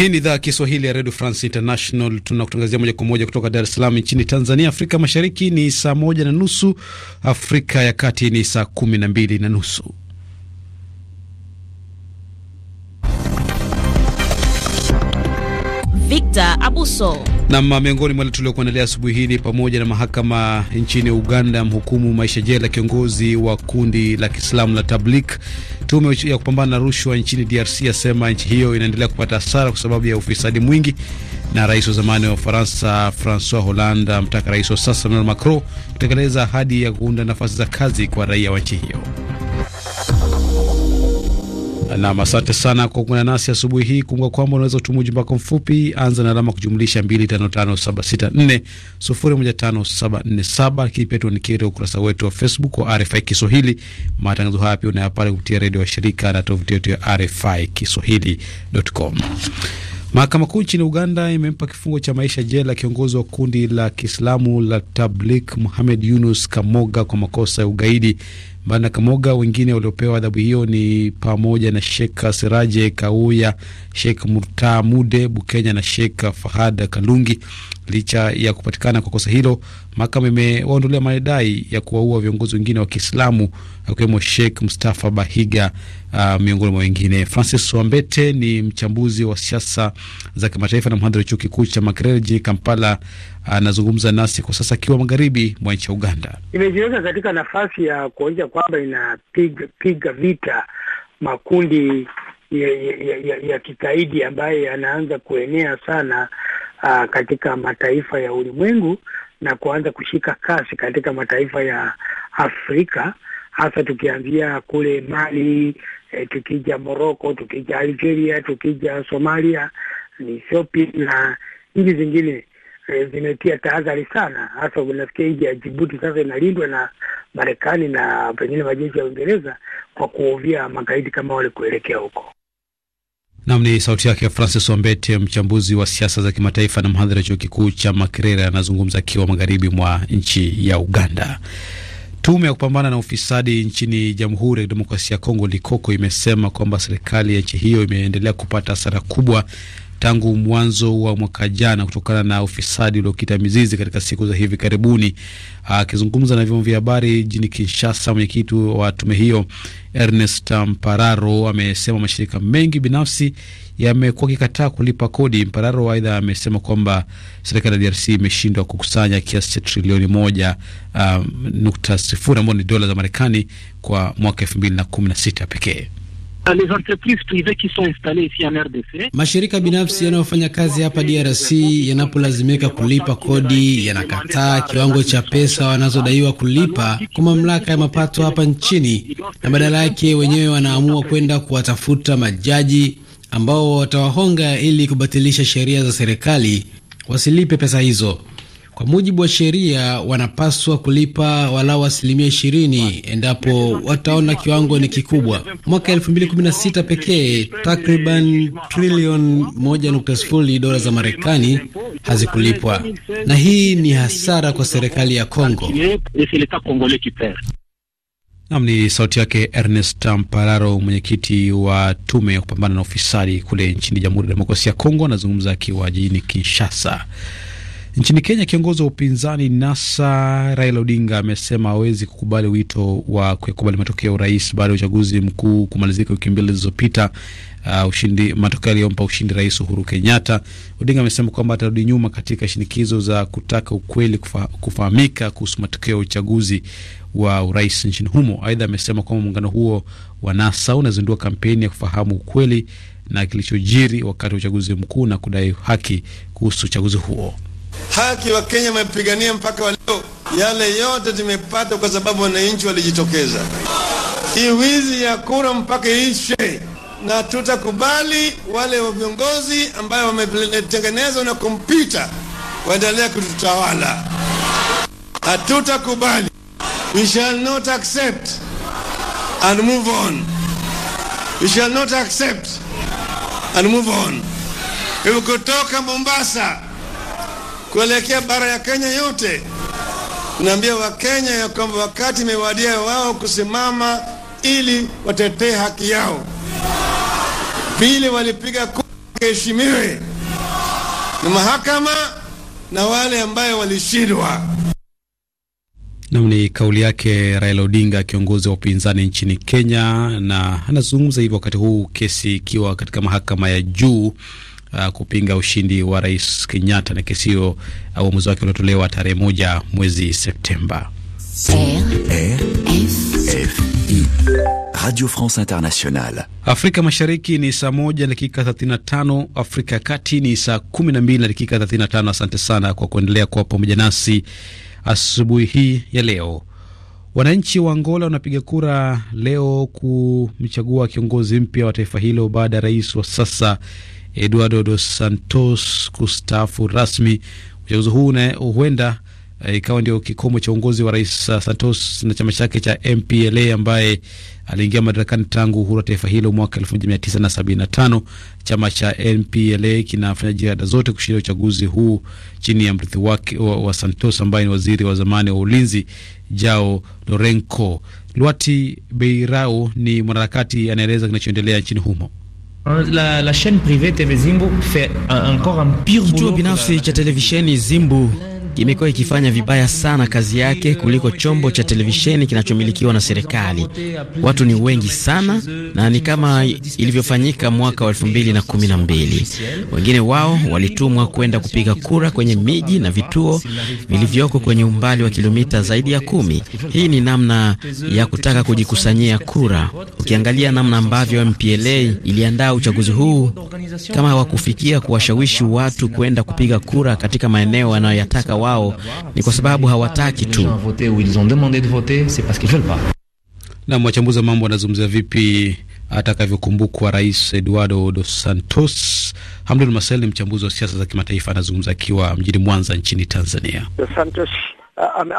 Hii ni idhaa ya Kiswahili ya redio France International. Tunakutangazia moja kwa moja kutoka Dar es Salaam nchini Tanzania. Afrika Mashariki ni saa moja na nusu, Afrika ya Kati ni saa kumi na mbili na nusu. Victor Abuso nam. Miongoni mwa tuliokuandalia asubuhi hii ni pamoja na mahakama nchini Uganda mhukumu maisha jela kiongozi wa kundi la Kiislamu la Tablik Tume ya kupambana na rushwa nchini DRC yasema nchi hiyo inaendelea kupata hasara kwa sababu ya ufisadi mwingi, na rais wa zamani wa Ufaransa Francois Hollande amtaka rais wa sasa Emmanuel Macron kutekeleza ahadi ya kuunda nafasi za kazi kwa raia wa nchi hiyo. Nam, asante sana kwa kuungana nasi asubuhi hii. Kumbuka kwamba unaweza kutuma ujumbe wako mfupi, anza na alama kujumlisha 255764015747 lakini pia tuandikie ukurasa wetu wa Facebook wa RFI Kiswahili. Matangazo haya pia unayapata kupitia redio wa shirika na tovuti yetu ya RFI Kiswahili.com. Mahakama Kuu nchini Uganda imempa kifungo cha maisha jela kiongozi wa kundi la Kiislamu la Tablik Muhamed Yunus Kamoga kwa makosa ya ugaidi Mbali Kamoga, wengine waliopewa adhabu hiyo ni pamoja na shek Siraje Kauya, Shek Murtaa Mude Bukenya na Shek Fahad Kalungi. Licha ya kupatikana kwa kosa hilo, mahakama imewaondolea madai ya kuwaua viongozi wengine wa Kiislamu akiwemo Sheikh Mustafa Bahiga uh, miongoni mwa wengine. Francis Wambete ni mchambuzi wa siasa za kimataifa na mhadhiri chuo kikuu cha Makerere jijini Kampala anazungumza nasi kwa sasa akiwa magharibi mwa nchi ya Uganda. Imejiweka katika nafasi ya kuonyesha kwamba inapiga piga vita makundi ya, ya, ya, ya kikaidi ambayo yanaanza kuenea sana aa, ah, katika mataifa ya ulimwengu na kuanza kushika kasi katika mataifa ya Afrika hasa tukianzia kule Mali e, tukija Morocco, tukija Algeria, tukija Somalia, Ethiopia na nchi zingine e, zimetia tahadhari sana, hasa nafikiri hiji ya Jibuti sasa inalindwa na Marekani na pengine majeshi ya Uingereza kwa kuovia magaidi kama wale kuelekea huko. Nam ni sauti yake Francis Wambete, mchambuzi wa siasa za kimataifa na mhadhiri wa chuo kikuu cha Makerere, anazungumza akiwa magharibi mwa nchi ya Uganda. Tume ya kupambana na ufisadi nchini Jamhuri ya Kidemokrasia ya Kongo, Likoko, imesema kwamba serikali ya nchi hiyo imeendelea kupata hasara kubwa tangu mwanzo wa mwaka jana kutokana na ufisadi uliokita mizizi katika siku za hivi karibuni. Akizungumza na vyombo vya habari jijini Kinshasa, mwenyekiti wa tume hiyo Ernest Mpararo amesema mashirika mengi binafsi yamekuwa kikataa kulipa kodi. Mpararo aidha amesema kwamba serikali ya DRC imeshindwa kukusanya kiasi cha trilioni moja um, nukta sifuri ambayo ni dola za Marekani kwa mwaka elfu mbili na kumi na sita pekee. Euh, les entreprises privées qui sont installées ici en RDC. Mashirika binafsi yanayofanya kazi hapa DRC yanapolazimika kulipa kodi yanakataa kiwango cha pesa wanazodaiwa kulipa kwa mamlaka ya mapato hapa nchini, na badala yake wenyewe wanaamua kwenda kuwatafuta majaji ambao watawahonga ili kubatilisha sheria za serikali wasilipe pesa hizo. Kwa mujibu wa sheria, wanapaswa kulipa walau asilimia ishirini endapo wataona kiwango ni kikubwa. Mwaka elfu mbili kumi na sita pekee takriban trilioni 1.0 dola za Marekani hazikulipwa, na hii ni hasara kwa serikali ya Kongo. Nam ni sauti yake Ernest Mpararo, mwenyekiti wa tume ya kupambana na ufisadi kule nchini Jamhuri ya Demokrasia ya Kongo, anazungumza akiwa jijini Kinshasa. Nchini Kenya, kiongozi wa upinzani NASA Raila Odinga amesema hawezi kukubali wito wa kukubali matokeo ya urais baada ya uchaguzi mkuu kumalizika wiki mbili zilizopita. Uh, ushindi matokeo aliyompa ushindi Rais Uhuru Kenyatta. Odinga amesema kwamba atarudi nyuma katika shinikizo za kutaka ukweli kufa, kufahamika kuhusu matokeo ya uchaguzi wa urais nchini humo. Aidha, amesema kwamba muungano huo wa NASA unazindua kampeni ya kufahamu ukweli na kilichojiri wakati wa uchaguzi mkuu na kudai haki kuhusu uchaguzi huo. Haki wa Kenya wamepigania mpaka wa leo. Yale yote tumepata kwa sababu wananchi walijitokeza. Hii wizi ya kura mpaka ishe, na tutakubali wale wa viongozi ambayo wametengenezwa na kompyuta waendelea kututawala. Hatutakubali, we shall not accept and move on. We shall not accept and move on. Kutoka Mombasa kuelekea bara ya Kenya yote. Naambia Wakenya ya kwamba wakati imewadia wao kusimama ili watetee haki yao. Vile walipiga kura waheshimiwe na mahakama na wale ambayo walishindwa. Nam ni kauli yake Raila Odinga, kiongozi wa upinzani nchini Kenya, na anazungumza hivyo wakati huu kesi ikiwa katika mahakama ya juu uh, kupinga ushindi wa Rais Kenyatta na kisio uh, uamuzi wake uliotolewa tarehe moja mwezi Septemba. Radio France Internationale. Afrika Mashariki ni saa moja dakika 35, Afrika ya Kati ni saa 12 na dakika 35. Asante sana kwa kuendelea kuwa pamoja nasi asubuhi hii ya leo. Wananchi wa Angola wanapiga kura leo kumchagua kiongozi mpya wa taifa hilo baada ya rais wa sasa Eduardo Dos Santos kustaafu rasmi. Uchaguzi huu huenda eh, ikawa ndio kikomo cha uongozi wa Rais eh, Santos na chama chake cha MPLA ambaye aliingia madarakani tangu uhuru wa taifa hilo mwaka 1975. Chama cha MPLA kinafanya jitihada zote kushinda uchaguzi huu chini ya mrithi wake wa, wa Santos ambaye ni waziri wa zamani wa ulinzi Jao Lorenco. Luati Beirao ni mwanaharakati anaeleza kinachoendelea nchini humo. Hein, la, la chaîne privée TV Zimbu fait encore un pire. Kituo binafsi cha televisheni Zimbu kimekuwa ikifanya vibaya sana kazi yake kuliko chombo cha televisheni kinachomilikiwa na serikali. Watu ni wengi sana na ni kama ilivyofanyika mwaka wa mbili Wengine wao walitumwa kwenda kupiga kura kwenye miji na vituo vilivyoko kwenye umbali wa kilomita zaidi ya kumi. Hii ni namna ya kutaka kujikusanyia kura. Ukiangalia namna ambavyo MPLA iliandaa uchaguzi huu kama hawakufikia kuwashawishi watu kwenda kupiga kura katika maeneo wanayoyataka wao ni kwa sababu hawataki tu. Na wachambuzi wa mambo wanazungumzia vipi atakavyokumbukwa Rais Eduardo Dos Santos. Hamdul Masel ni mchambuzi wa siasa za kimataifa, anazungumza akiwa mjini Mwanza nchini Tanzania. Dos Santos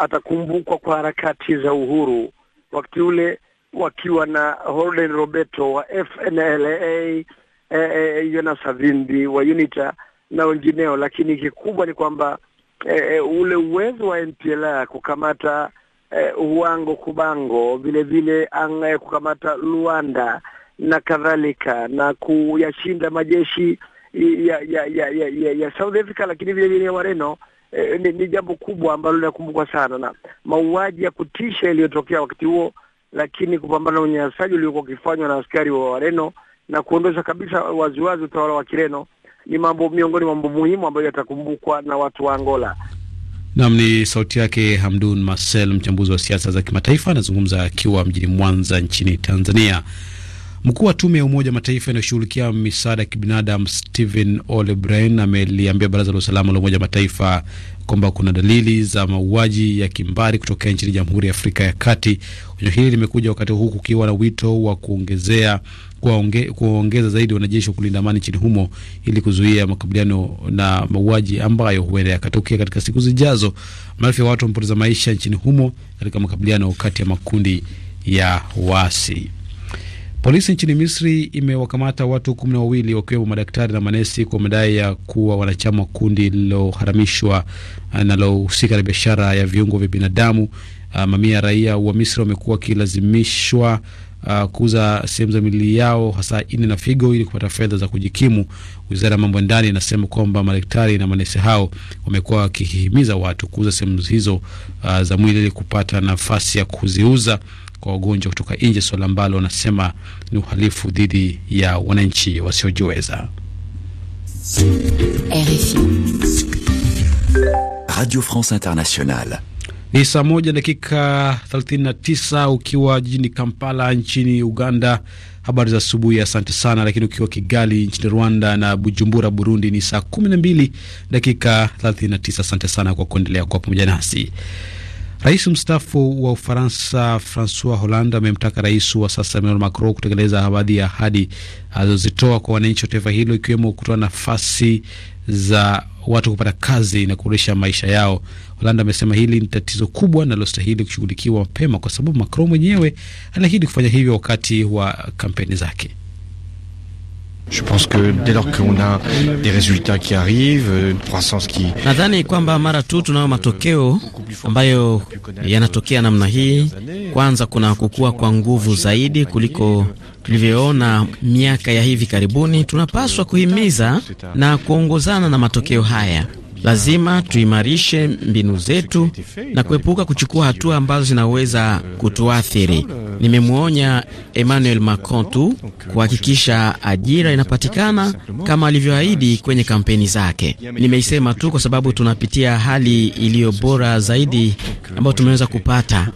atakumbukwa kwa harakati za uhuru wakati ule wakiwa na Holden Roberto wa FNLA, Yona e, e, Savimbi wa UNITA na wengineo, lakini kikubwa ni kwamba e, ule uwezo wa npla kukamata e, Uwango Kubango, vile vile ang kukamata Luanda na kadhalika na kuyashinda majeshi ya ya, ya ya ya ya South Africa, lakini vile vile ya Wareno e, ni, ni jambo kubwa ambalo linakumbukwa sana na mauaji ya kutisha yaliyotokea wakati huo, lakini kupambana na unyanyasaji uliokuwa ukifanywa na askari wa Wareno na kuondosha kabisa waziwazi utawala wa Kireno ni mambo miongoni mwa mambo muhimu ambayo yatakumbukwa na watu wa Angola. Nam ni sauti yake Hamdun Marcel, mchambuzi wa siasa za kimataifa, anazungumza akiwa mjini Mwanza nchini Tanzania. Mkuu wa tume ya Umoja Mataifa inayoshughulikia misaada ya kibinadamu Stephen O'Brien ameliambia Baraza la Usalama la Umoja Mataifa kwamba kuna dalili za mauaji ya kimbari kutokea nchini Jamhuri ya Afrika ya Kati. Onyo hili limekuja wakati huu kukiwa na wito wa kuongezea kuongeza zaidi wanajeshi wa kulinda amani nchini humo ili kuzuia makabiliano na mauaji ambayo huenda yakatokea katika siku zijazo. Maelfu ya watu wamepoteza maisha nchini humo katika makabiliano kati ya makundi ya waasi. Polisi nchini Misri imewakamata watu kumi na wawili wakiwemo madaktari na manesi kwa madai ya kuwa wanachama wa kundi liloharamishwa linalohusika na biashara ya viungo vya binadamu. Uh, mamia ya raia wa Misri wamekuwa wakilazimishwa uh, kuuza sehemu za mili yao hasa ini na figo ili kupata fedha za kujikimu. Wizara ya mambo ya ndani inasema kwamba madaktari na manesi hao wamekuwa wakihimiza watu kuuza sehemu hizo uh, za mwili ili kupata nafasi ya kuziuza kwa wagonjwa kutoka nje, swala ambalo wanasema ni uhalifu dhidi ya wananchi wasiojiweza. Radio France Internationale ni saa moja dakika 39 ukiwa jijini Kampala nchini Uganda. Habari za asubuhi, asante sana. Lakini ukiwa Kigali nchini Rwanda na Bujumbura Burundi ni saa 12 dakika 39. Asante sana kwa kuendelea kuwa pamoja nasi. Rais mstaafu wa Ufaransa Francois Hollande amemtaka rais wa sasa Emmanuel Macron kutekeleza baadhi ya ahadi alizozitoa kwa wananchi wa taifa hilo, ikiwemo kutoa nafasi za watu kupata kazi na kuboresha maisha yao. holanda amesema hili ni tatizo kubwa linalostahili kushughulikiwa mapema, kwa sababu Macron mwenyewe aliahidi kufanya hivyo wakati wa kampeni zake. Nadhani kwamba mara tu tunayo matokeo ambayo yanatokea namna hii, kwanza kuna kukua kwa nguvu zaidi kuliko tulivyoona miaka ya hivi karibuni, tunapaswa kuhimiza na kuongozana na matokeo haya. Lazima tuimarishe mbinu zetu na kuepuka kuchukua hatua ambazo zinaweza kutuathiri. Nimemwonya Emmanuel Macron tu kuhakikisha ajira inapatikana kama alivyoahidi kwenye kampeni zake. Nimeisema tu kwa sababu tunapitia hali iliyo bora zaidi ambayo tumeweza kupata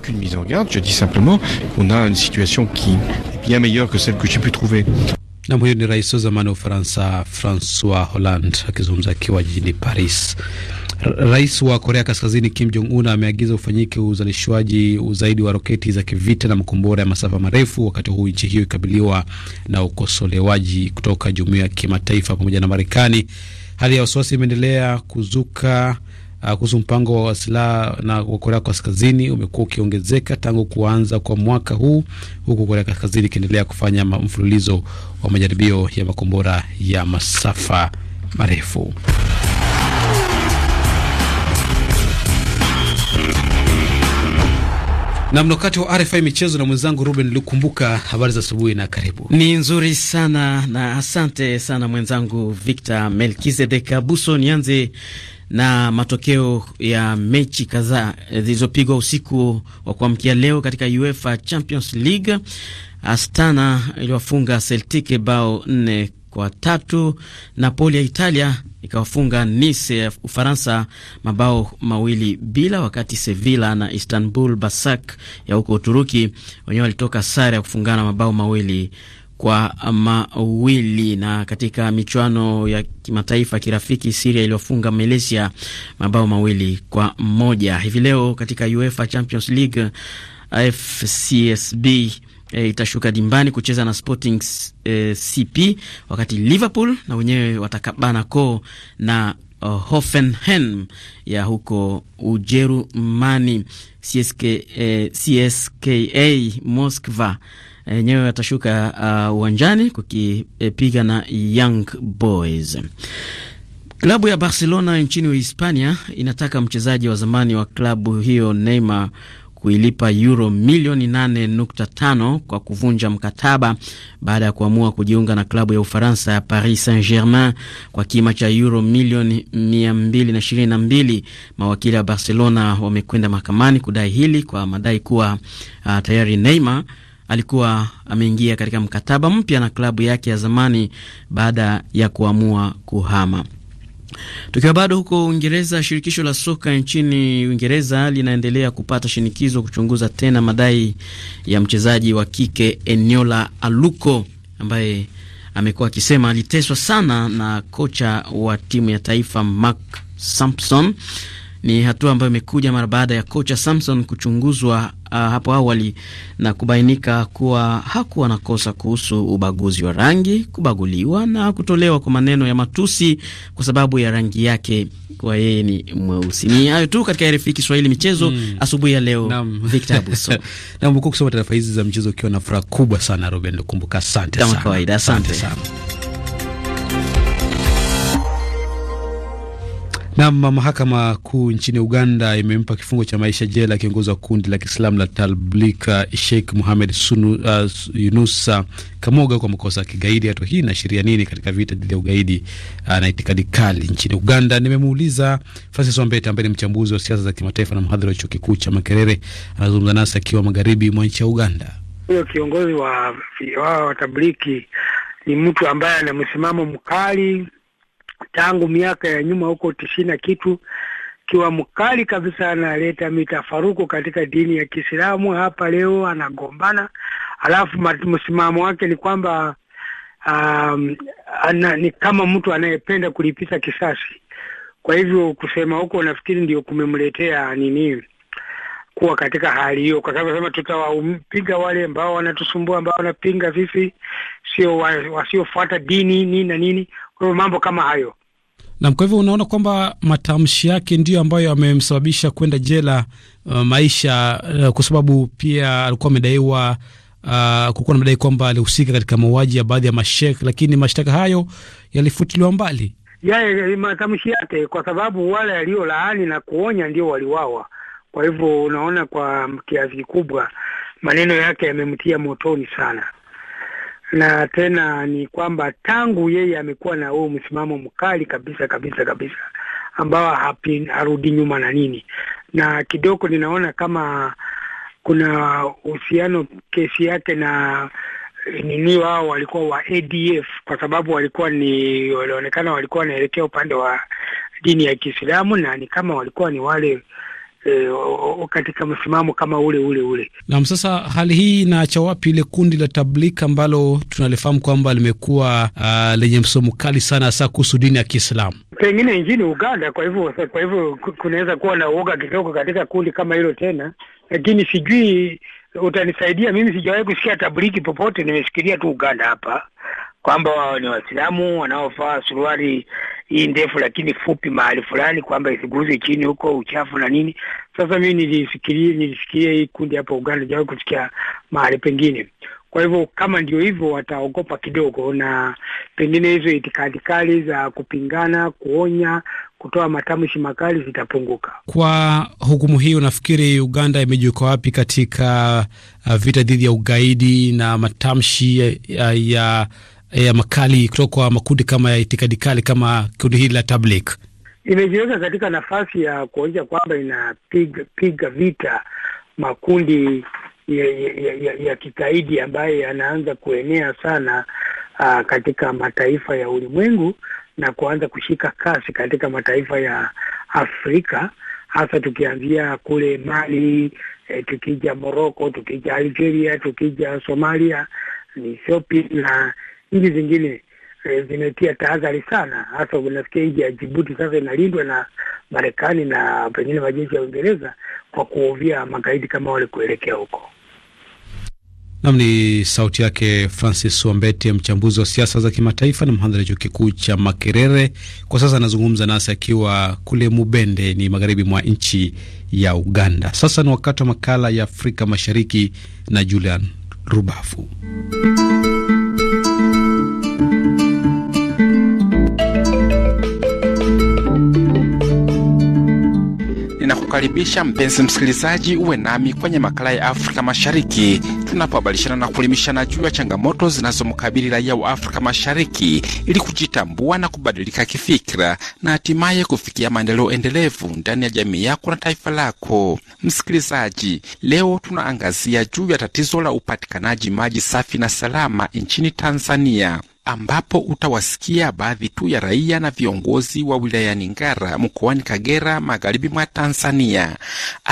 nam huyo ni rais wa zamani wa Ufaransa Francois Hollande akizungumza akiwa jijini Paris. Rais wa Korea Kaskazini Kim Jong Un ameagiza ufanyike uzalishwaji zaidi wa roketi za kivita na makombora ya masafa marefu, wakati huu nchi hiyo ikabiliwa na ukosolewaji kutoka jumuiya ya kimataifa pamoja na Marekani. Hali ya wasiwasi imeendelea kuzuka Ah, kuhusu mpango wa silaha na wa Korea Kaskazini umekuwa ukiongezeka tangu kuanza kwa mwaka huu, huku Korea Kaskazini ikiendelea kufanya mfululizo wa majaribio ya makombora ya masafa marefu. na mnokati wa RFI michezo na mwenzangu Ruben Lukumbuka. Habari za asubuhi na karibu. Ni nzuri sana na asante sana mwenzangu Victor Melkizedek Abuso. Nianze na matokeo ya mechi kadhaa eh, zilizopigwa usiku wa kuamkia leo katika UEFA Champions League. Astana iliwafunga Celtic bao nne kwa tatu. Napoli ya Italia ikawafunga Nice ya Ufaransa mabao mawili bila, wakati Sevilla na Istanbul Basak ya huko Uturuki wenyewe walitoka sare ya kufungana mabao mawili kwa mawili. Na katika michuano ya kimataifa kirafiki, siria iliyofunga Malaysia mabao mawili kwa moja. Hivi leo katika UEFA Champions League FCSB E, eh, itashuka dimbani kucheza na Sporting e, eh, CP wakati Liverpool na wenyewe watakabana ko na uh, Hoffenheim ya huko Ujerumani. CSK, e, CSKA Moskva yenyewe atashuka uh, uwanjani uh, kukipiga na Young Boys. Klabu ya Barcelona nchini hispania inataka mchezaji wa zamani wa klabu hiyo Neymar kuilipa euro milioni 8.5 kwa kuvunja mkataba baada ya kuamua kujiunga na klabu ya Ufaransa ya Paris Saint-Germain kwa kima cha euro milioni 222. Mawakili wa Barcelona wamekwenda mahakamani kudai hili kwa madai kuwa uh, tayari Neymar alikuwa ameingia katika mkataba mpya na klabu yake ya zamani baada ya kuamua kuhama. Tukiwa bado huko Uingereza, shirikisho la soka nchini Uingereza linaendelea kupata shinikizo kuchunguza tena madai ya mchezaji wa kike Eniola Aluko ambaye amekuwa akisema aliteswa sana na kocha wa timu ya taifa Mark Sampson. Ni hatua ambayo imekuja mara baada ya kocha Sampson kuchunguzwa Ah, hapo awali na kubainika kuwa hakuwa na kosa kuhusu ubaguzi wa rangi, kubaguliwa na kutolewa kwa maneno ya matusi kwa sababu ya rangi yake, kwa yeye ni mweusi. Ni hayo tu katika RFI Kiswahili michezo mm, asubuhi ya leo. Victor Abuso nam kusoma taarifa hizi za mchezo ukiwa na furaha kubwa sana, Ruben kumbuka Asante sana, kawaida. Asante sana. Nam, mahakama kuu nchini Uganda imempa kifungo cha maisha jela kiongozi wa kundi la Kiislamu la Talblika Sheikh Muhamed uh, Yunusa Kamoga kwa makosa ya kigaidi. Hatua hii inaashiria nini katika vita dhidi ya ugaidi uh, na itikadi kali nchini Uganda? Nimemuuliza Francis Wambete ambaye ni mchambuzi wa siasa za kimataifa na mhadhiri wa chuo kikuu cha Makerere. Anazungumza nasi akiwa magharibi mwa nchi ya Uganda. Huyo kiongozi wa wao wa Tabliki ni mtu ambaye ana msimamo mkali tangu miaka ya nyuma huko tisini na kitu kiwa mkali kabisa, analeta mitafaruku katika dini ya Kiislamu. Hapa leo anagombana, alafu msimamo wake ni kwamba um, ana, ni kama mtu anayependa kulipiza kisasi. Kwa hivyo kusema huko, nafikiri ndio kumemletea nini kuwa katika hali hiyo, kwa sababu sema tutawapiga wale ambao wanatusumbua, ambao wanapinga sisi, sio wasiofuata dini nini na nini. Kwa hiyo mambo kama hayo nam. Kwa hivyo unaona kwamba matamshi yake ndiyo ambayo yamemsababisha kwenda jela uh, maisha uh, kwa sababu pia alikuwa amedaiwa uh, kulikuwa na madai kwamba alihusika katika mauaji ya baadhi ya mashekh, lakini mashtaka hayo yalifutiliwa mbali yaye matamshi yake, kwa sababu wale laani na kuonya ndio waliwawa. Kwa hivyo unaona, kwa kiasi kikubwa maneno yake yamemtia motoni sana na tena ni kwamba tangu yeye amekuwa na huo msimamo mkali kabisa kabisa kabisa ambao harudi nyuma na nini, na kidogo ninaona kama kuna uhusiano kesi yake na nini, wao walikuwa wa ADF kwa sababu walikuwa ni walionekana walikuwa wanaelekea upande wa dini ya Kiislamu na ni kama walikuwa ni wale eh, katika msimamo kama ule ule ule. Naam, sasa hali hii inaacha wapi ile kundi la Tablik ambalo tunalifahamu kwamba limekuwa uh, lenye msomo mkali sana hasa kuhusu dini ya Kiislamu pengine nchini Uganda. Kwa hivyo kwa hivyo kunaweza kuwa na uoga kidogo katika kundi kama hilo tena, lakini sijui utanisaidia mimi, sijawahi kusikia Tabliki popote, nimesikilia tu Uganda hapa kwamba wao ni Waislamu wanaovaa suruali hii ndefu lakini fupi mahali fulani, kwamba isiguze chini huko uchafu na nini. Sasa mii nilisikiria nilifikiria hii kundi hapa Uganda, jawai kusikia mahali pengine. Kwa hivyo kama ndio hivyo, wataogopa kidogo, na pengine hizo itikadi kali za kupingana, kuonya, kutoa matamshi makali zitapunguka. Kwa hukumu hii, unafikiri Uganda imejiweka wapi katika uh, vita dhidi ya ugaidi na matamshi ya, ya Eh, ya makali kutoka kwa makundi kama ya itikadi kali kama kundi hili la Tablik imejiweka katika nafasi ya kuonyesha kwamba inapiga piga vita makundi ya, ya, ya, ya kikaidi ambayo yanaanza kuenea sana uh, katika mataifa ya ulimwengu na kuanza kushika kasi katika mataifa ya Afrika hasa tukianzia kule Mali eh, tukija Morocco, tukija Algeria, tukija Somalia, Ethiopia na nchi zingine eh, zimetia tahadhari sana, hasa nafikia nchi ya Jibuti sasa inalindwa na Marekani na pengine majeshi ya Uingereza kwa kuovia magaidi kama wale kuelekea huko. Nam ni sauti yake Francis Wambete, mchambuzi wa siasa za kimataifa na mhadhiri chuo kikuu cha Makerere. Kwa sasa anazungumza nasi akiwa kule Mubende, ni magharibi mwa nchi ya Uganda. Sasa ni wakati wa makala ya Afrika Mashariki na Julian Rubafu. kukaribisha mpenzi msikilizaji, uwe nami kwenye makala ya Afrika Mashariki tunapohabarishana na kuelimishana juu ya changamoto zinazomkabili raia wa Afrika Mashariki ili kujitambua na kubadilika kifikira na hatimaye kufikia maendeleo endelevu ndani ya jamii yako na taifa lako. Msikilizaji, leo tunaangazia juu ya tatizo la upatikanaji maji safi na salama nchini Tanzania ambapo utawasikia baadhi tu ya raia na viongozi wa wilayani Ngara mkoani Kagera, magharibi mwa Tanzania.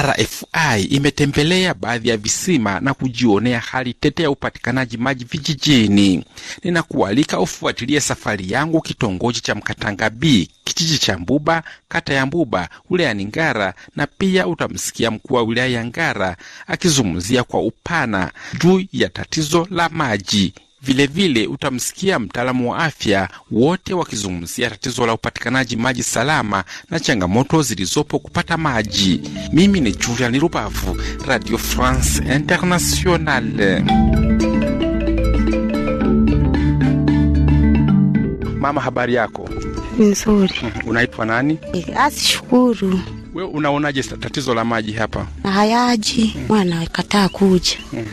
RFI imetembelea baadhi ya visima na kujionea hali tete ya upatikanaji maji vijijini. Ninakualika ufuatilie safari yangu kitongoji cha Mkatanga B, kijiji cha Mbuba, kata ya Mbuba, wilayani Ngara, na pia utamsikia mkuu wa wilaya ya Ngara akizungumzia kwa upana juu ya tatizo la maji. Vilevile utamsikia mtaalamu wa afya wote wakizungumzia tatizo la upatikanaji maji salama na changamoto zilizopo kupata maji. Mimi ni Julian Rubavu, Radio France Internationale. Mama, habari yako? Nzuri. Unaitwa nani? Eh, Asi ah, Shukuru. We unaonaje tatizo la maji hapa? Hayaji mm. bwana mm. kataa kuja mm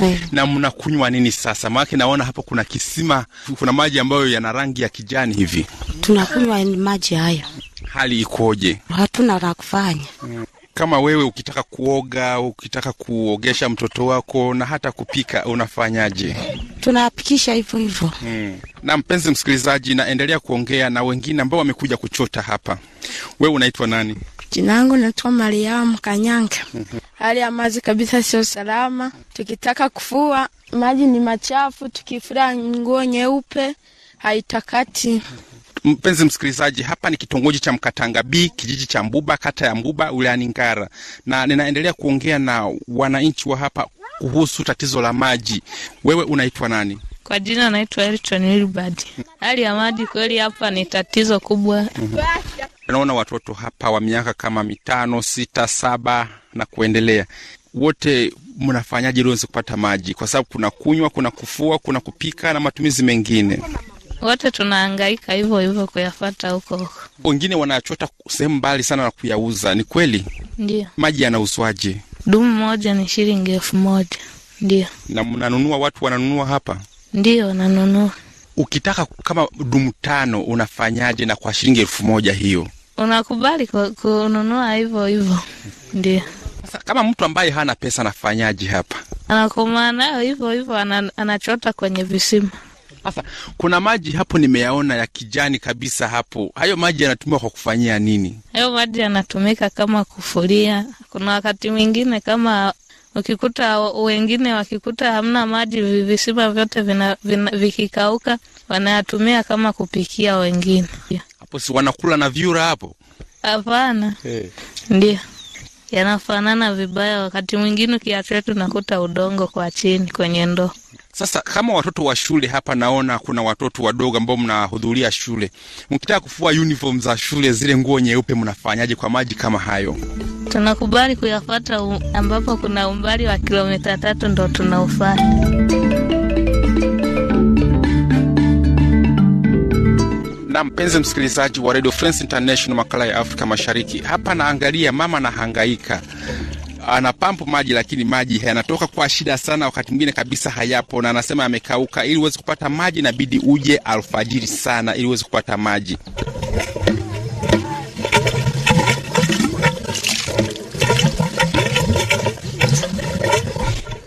-hmm. na mnakunywa nini sasa? Maana naona hapo kuna kisima, kuna maji ambayo yana rangi ya kijani hivi. Tunakunywa maji haya. Hali ikoje? Hatuna la kufanya mm kama wewe ukitaka kuoga, ukitaka kuogesha mtoto wako na hata kupika, unafanyaje? Tunapikisha hivyo hivyo. hmm. Na mpenzi msikilizaji, naendelea kuongea na wengine ambao wamekuja kuchota hapa. Wewe unaitwa nani? Jina langu naitwa Mariamu Kanyanga. Hali ya maji kabisa sio salama. Tukitaka kufua maji ni machafu, tukifura nguo nyeupe haitakati. Mpenzi msikilizaji, hapa ni kitongoji cha Mkatanga B, kijiji cha Mbuba, kata ya Mbuba, wilayani Ngara, na ninaendelea kuongea na wananchi wa hapa kuhusu tatizo la maji. Wewe unaitwa nani? Kwa jina naitwa Elton Hilbard. Hali ya maji kweli hapa ni tatizo kubwa. mm -hmm. Naona watoto hapa wa miaka kama mitano, sita, saba na kuendelea, wote mnafanyaje ili uweze kupata maji? Kwa sababu kuna kunywa, kuna kufua, kuna kupika na matumizi mengine wote tunaangaika hivyo hivyo kuyafata huko huko, wengine wanachota sehemu mbali sana na kuyauza. Ni kweli? Ndio. Maji yanauzwaje? Dumu moja ni shilingi elfu moja. Ndio. Na mnanunua, watu wananunua hapa? Ndio, wananunua. Ukitaka kama dumu tano unafanyaje? Na kwa shilingi elfu moja hiyo unakubali kununua hivyo hivyo? Ndio. Sasa kama mtu ambaye hana pesa anafanyaje hapa? Anakomaa nayo hivyo hivyo, anachota kwenye visima. Sasa kuna maji hapo nimeyaona ya kijani kabisa hapo, hayo maji yanatumika kwa kufanyia nini? Hayo maji yanatumika kama kufulia. Kuna wakati mwingine kama ukikuta wengine wakikuta hamna maji, visima vyote vina, vina, vikikauka, wanayatumia kama kupikia wengine. Hapo si wanakula na vyura hapo? Hapana. Hey. Eh. Ndio yanafanana vibaya. Wakati mwingine ukiacha nakuta udongo kwa chini kwenye ndoo. Sasa kama watoto wa shule hapa, naona kuna watoto wadogo ambao mnahudhuria shule, mkitaka kufua uniform za shule, zile nguo nyeupe, mnafanyaje kwa maji kama hayo? Tunakubali kuyafuata ambapo kuna umbali wa kilomita tatu ndo tunaufata. na mpenzi msikilizaji wa Radio France International, makala ya Afrika Mashariki, hapa naangalia mama nahangaika anapampu maji, lakini maji yanatoka kwa shida sana, wakati mwingine kabisa hayapo, na anasema amekauka. Ili uweze kupata maji inabidi uje alfajiri sana ili uweze kupata maji.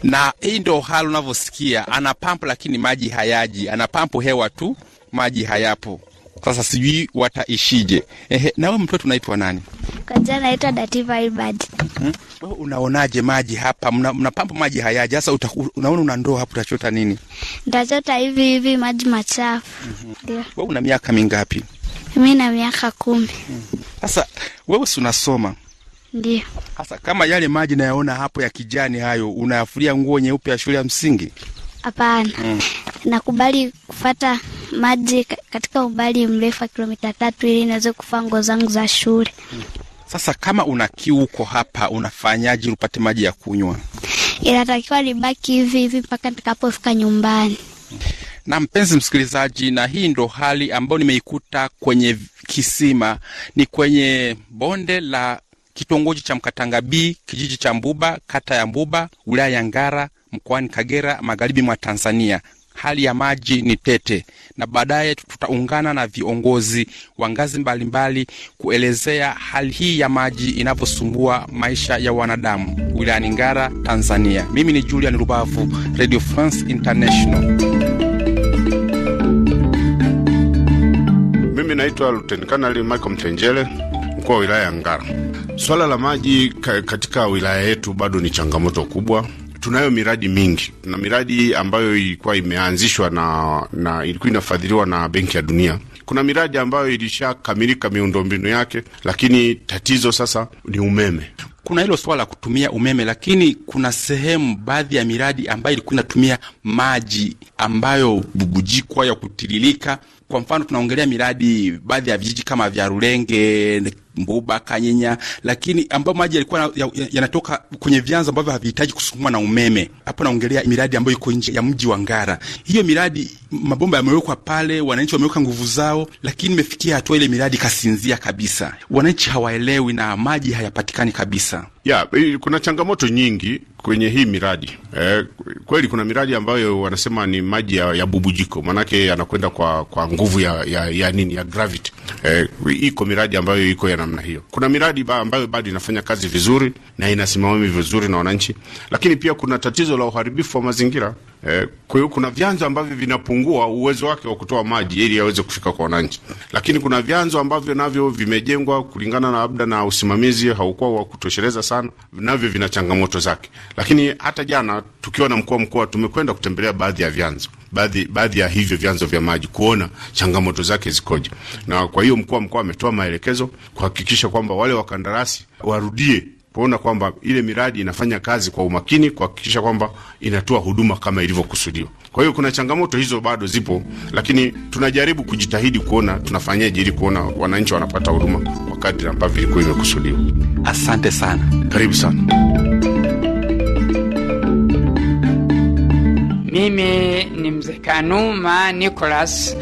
na hii ndo hali unavyosikia, ana pampu lakini maji hayaji, ana pampu hewa tu, maji hayapo. Sasa sijui wataishije. Ehe, nawe mtoto unaitwa nani? Kwa naitwa Dativa Ibad. Hmm? Wewe oh, unaonaje maji hapa? Mnapampa mna maji hayaje? Sasa unaona una ndoo hapo utachota nini? Nitachota hivi hivi maji machafu. Mm-hmm. Wewe una miaka mingapi? Mimi na miaka kumi. Hmm. Sasa mm-hmm. Wewe si unasoma? Ndio. Sasa kama yale maji nayaona hapo ya kijani hayo unayafuria nguo nyeupe ya shule ya msingi? Hapana. Mm. Nakubali kufata maji katika umbali mrefu wa kilomita tatu ili niweze kufua nguo zangu za shule. Mm. Sasa kama una kiu uko hapa, unafanyaje upate maji ya kunywa? Inatakiwa nibaki hivi hivi mpaka nitakapofika nyumbani. Na mpenzi msikilizaji, na hii ndo hali ambayo nimeikuta kwenye kisima, ni kwenye bonde la kitongoji cha Mkatanga B, kijiji cha Mbuba, kata ya Mbuba, wilaya ya Ngara, mkoani Kagera, magharibi mwa Tanzania hali ya maji ni tete, na baadaye tutaungana na viongozi wa ngazi mbalimbali kuelezea hali hii ya maji inavyosumbua maisha ya wanadamu wilayani Ngara, Tanzania. Mimi ni Julian Rubavu, Radio France International. Mimi naitwa Luteni Kanali Michael Mtenjele, mkuu wa wilaya ya Ngara. Swala la maji katika wilaya yetu bado ni changamoto kubwa tunayo miradi mingi. Tuna miradi ambayo ilikuwa imeanzishwa na, na ilikuwa inafadhiliwa na Benki ya Dunia. Kuna miradi ambayo ilishakamilika miundombinu yake, lakini tatizo sasa ni umeme. Kuna hilo swala la kutumia umeme, lakini kuna sehemu baadhi ya miradi ambayo ilikuwa inatumia maji ambayo bubujikwa ya kutiririka. Kwa mfano tunaongelea miradi baadhi ya vijiji kama vya Rulenge Mbuba, Kanyinya, lakini ambayo maji yalikuwa yanatoka ya, ya kwenye vyanzo ambavyo havihitaji kusukumwa na umeme. Hapo naongelea miradi ambayo iko nje ya mji wa Ngara. Hiyo miradi mabomba yamewekwa pale, wananchi wameweka nguvu zao, lakini imefikia hatua ile miradi kasinzia kabisa, wananchi hawaelewi na maji hayapatikani kabisa. Ya, eh, kuna changamoto nyingi kwenye hii miradi eh. Kweli kuna miradi ambayo wanasema ni maji ya, ya bubujiko, manake yanakwenda kwa, kwa nguvu ya, ya, ya nini ya gravity eh, iko miradi ambayo iko ya namna hiyo. Kuna miradi ba ambayo bado inafanya kazi vizuri na inasimamia vizuri na wananchi, lakini pia kuna tatizo la uharibifu wa mazingira. Eh, kwa hiyo kuna vyanzo ambavyo vinapungua uwezo wake wa kutoa maji ili yaweze kufika kwa wananchi, lakini kuna vyanzo ambavyo navyo vimejengwa kulingana na labda na usimamizi haukuwa wa kutosheleza sana, navyo vina changamoto zake. Lakini hata jana tukiwa na mkuu wa mkoa tumekwenda kutembelea baadhi ya vyanzo, baadhi baadhi ya hivyo vyanzo vya maji kuona changamoto zake zikoje, na kwa hiyo mkuu wa mkoa ametoa maelekezo kuhakikisha kwamba wale wakandarasi warudie kuona kwamba ile miradi inafanya kazi kwa umakini kuhakikisha kwamba inatoa huduma kama ilivyokusudiwa. Kwa hiyo kuna changamoto hizo bado zipo, lakini tunajaribu kujitahidi kuona tunafanyaje ili kuona wananchi wanapata huduma kwa kadri ambavyo ilikuwa imekusudiwa. Asante sana, karibu sana. Mimi ni mzee Kanuma Nicholas,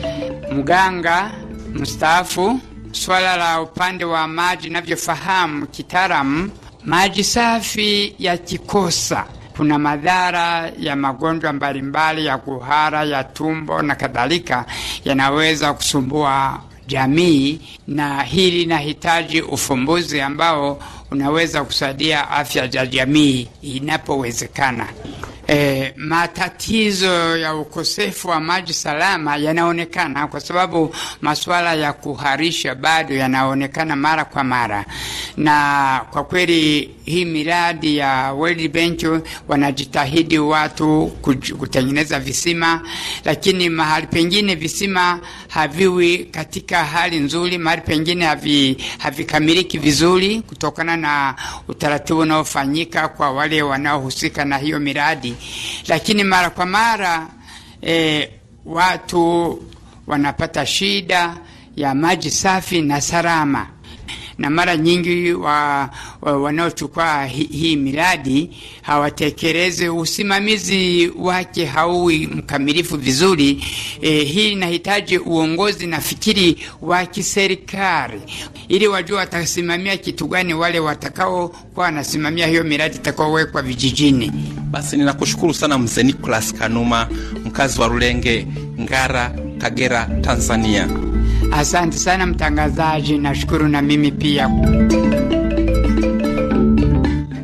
mganga mstaafu. Swala la upande wa maji navyofahamu kitaalamu Maji safi yakikosa kuna madhara ya magonjwa mbalimbali ya kuhara, ya tumbo na kadhalika, yanaweza kusumbua jamii, na hili linahitaji ufumbuzi ambao unaweza kusaidia afya ya jamii inapowezekana. E, matatizo ya ukosefu wa maji salama yanaonekana kwa sababu masuala ya kuharisha bado yanaonekana mara kwa mara, na kwa kweli hii miradi ya World Bank wanajitahidi watu kutengeneza visima, lakini mahali pengine visima haviwi katika hali nzuri, mahali pengine havi, havikamiliki vizuri kutokana na utaratibu unaofanyika kwa wale wanaohusika na hiyo miradi lakini mara kwa mara e, watu wanapata shida ya maji safi na salama na mara nyingi wa, wa, wanaochukua hii hi miradi hawatekeleze usimamizi wake hauwi mkamilifu vizuri. E, hii inahitaji uongozi na fikiri wa kiserikali ili wajua watasimamia kitu gani wale watakaokuwa wanasimamia hiyo miradi itakaowekwa vijijini. Basi ninakushukuru sana mzee Nicholas Kanuma, mkazi wa Rulenge, Ngara, Kagera, Tanzania. Asante sana mtangazaji, nashukuru na mimi pia.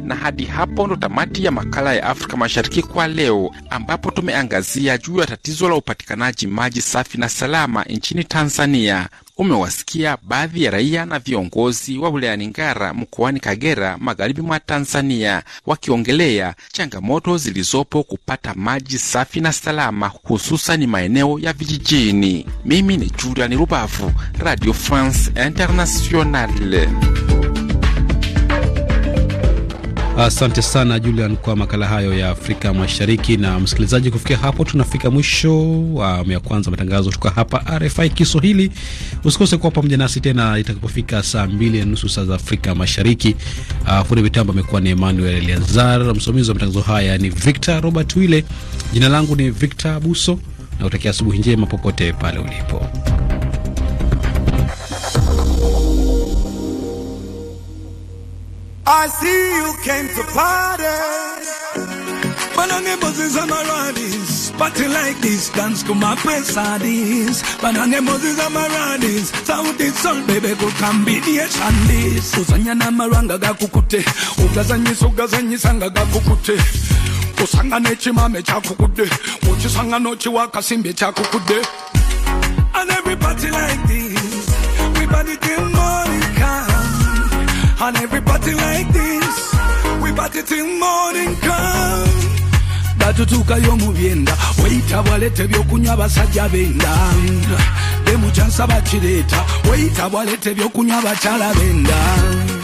Na hadi hapo ndo tamati ya makala ya Afrika Mashariki kwa leo, ambapo tumeangazia juu ya tatizo la upatikanaji maji safi na salama nchini Tanzania umewasikia baadhi ya raia na viongozi wa wilayani Ngara mkoani Kagera, magharibi mwa Tanzania, wakiongelea changamoto zilizopo kupata maji safi na salama, hususani maeneo ya vijijini. Mimi ni Julian Rubavu, Radio France Internationale. Asante sana Julian kwa makala hayo ya Afrika Mashariki. Na msikilizaji, kufikia hapo tunafika mwisho wa awamu ya kwanza matangazo kutoka hapa RFI Kiswahili. Usikose kuwa pamoja nasi tena itakapofika saa mbili na nusu saa za Afrika Mashariki. Uh, fundi mitambo amekuwa ni Emmanuel Eliazar, msimamizi wa matangazo haya ni Victor Robert Wile, jina langu ni Victor Buso na utakia asubuhi njema popote pale ulipo. I see you came to party. But on the buses and my ridings, party like this, dance to my pesadis. But on the buses and my ridings, South is all baby, go combination this. Kusanya na maranga gakukute, ugazanyisa ugazanyisa ngagakukute. Kusanga nechimame chakukude, uchisanga nochiwaka simbe chakukude. And every party like this, we party till morning. And everybody like this We party till morning come Batutukayo mu byenda weyita bwaleta ebyokunywa abasajja benda demu kyansaba kireeta weyita bwaleta ebyokunywa abakyala benda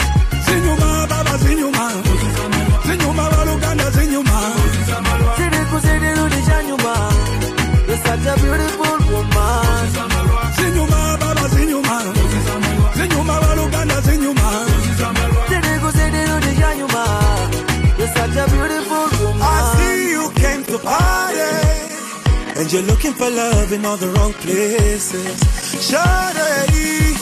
You're looking for love in all the wrong places. Shawty,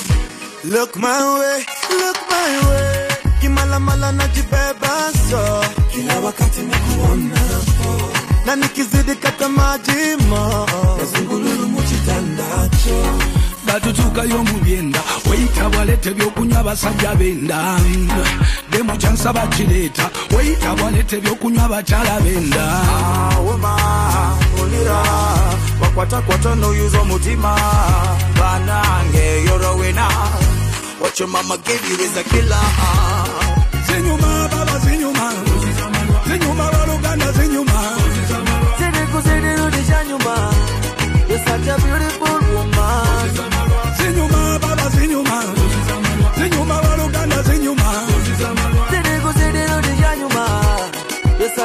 look my way, look my way. Kimalamala najibeba so kila wakati nakuona na nikizidi kata maji mo nazungululu mu kitandacho batutukayo mu byenda weyita bwaleta ebyokunywa abasajja benda demu kyansa bakireeta weyita bwaleta ebyokunywa abakyala benda ah, noyuza omutima banange what your mama gave you is a zinyuma baba zinyuma zinyuma zinyuma nyuma You're such a beautiful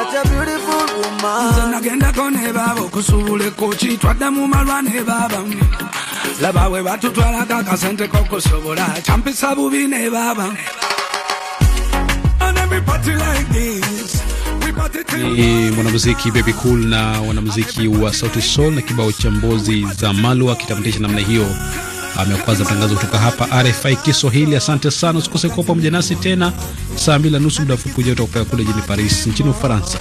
nze nagendako ne baaba okusuubuleko ki twadde mu malwa ne baabamu laba we batutwalako akasente kokusobola kyampisa bubi ne baaba ni mwanamuziki Baby Cool na wanamuziki wa Sauti soul na kibao cha Mbozi za Malwa kitamatisha namna hiyo amekwaza tangazo kutoka hapa RFI Kiswahili. Asante sana, usikose kuwa pamoja nasi tena saa mbili na nusu muda mfupi ujao, utakupea kule jijini Paris nchini Ufaransa.